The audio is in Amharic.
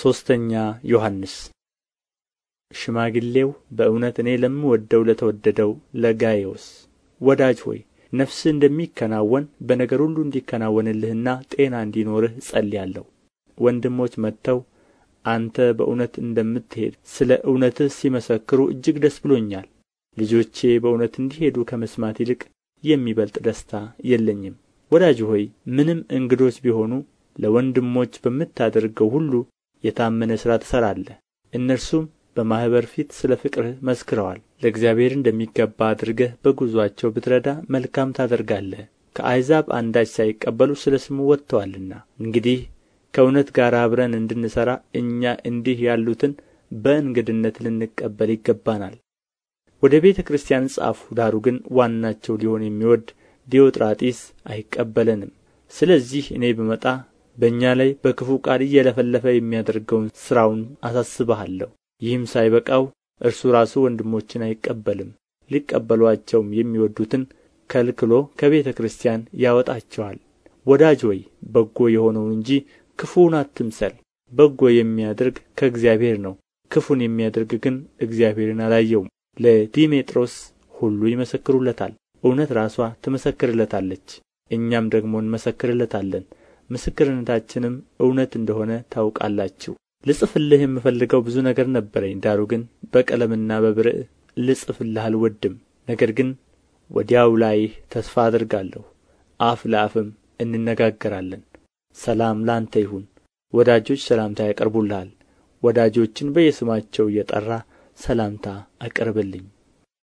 ሶስተኛ ዮሐንስ ሽማግሌው በእውነት እኔ ለምወደው ለተወደደው ለጋይዮስ ወዳጅ ሆይ ነፍስህ እንደሚከናወን በነገር ሁሉ እንዲከናወንልህና ጤና እንዲኖርህ እጸልያለሁ። ወንድሞች መጥተው አንተ በእውነት እንደምትሄድ ስለ እውነትህ ሲመሰክሩ እጅግ ደስ ብሎኛል። ልጆቼ በእውነት እንዲሄዱ ከመስማት ይልቅ የሚበልጥ ደስታ የለኝም። ወዳጅ ሆይ ምንም እንግዶች ቢሆኑ ለወንድሞች በምታደርገው ሁሉ የታመነ ሥራ ትሠራለህ እነርሱም በማኅበር ፊት ስለ ፍቅርህ መስክረዋል ለእግዚአብሔር እንደሚገባ አድርገህ በጉዞአቸው ብትረዳ መልካም ታደርጋለህ ከአሕዛብ አንዳች ሳይቀበሉ ስለ ስሙ ወጥተዋልና እንግዲህ ከእውነት ጋር አብረን እንድንሠራ እኛ እንዲህ ያሉትን በእንግድነት ልንቀበል ይገባናል ወደ ቤተ ክርስቲያን ጻፉ። ዳሩ ግን ዋናቸው ሊሆን የሚወድ ዲዮጥራጢስ አይቀበለንም ስለዚህ እኔ ብመጣ በእኛ ላይ በክፉ ቃል እየለፈለፈ የሚያደርገውን ሥራውን አሳስበሃለሁ። ይህም ሳይበቃው እርሱ ራሱ ወንድሞችን አይቀበልም፣ ሊቀበሏቸውም የሚወዱትን ከልክሎ ከቤተ ክርስቲያን ያወጣቸዋል። ወዳጅ ሆይ በጎ የሆነውን እንጂ ክፉውን አትምሰል። በጎ የሚያደርግ ከእግዚአብሔር ነው፣ ክፉን የሚያደርግ ግን እግዚአብሔርን አላየውም። ለዲሜጥሮስ ሁሉ ይመሰክሩለታል፣ እውነት ራሷ ትመሰክርለታለች፣ እኛም ደግሞ እንመሰክርለታለን። ምስክርነታችንም እውነት እንደሆነ ታውቃላችሁ ልጽፍልህ የምፈልገው ብዙ ነገር ነበረኝ ዳሩ ግን በቀለምና በብርዕ ልጽፍልህ አልወድም ነገር ግን ወዲያው ላይህ ተስፋ አድርጋለሁ አፍ ለአፍም እንነጋገራለን ሰላም ላንተ ይሁን ወዳጆች ሰላምታ ያቀርቡልሃል ወዳጆችን በየስማቸው እየጠራ ሰላምታ አቅርብልኝ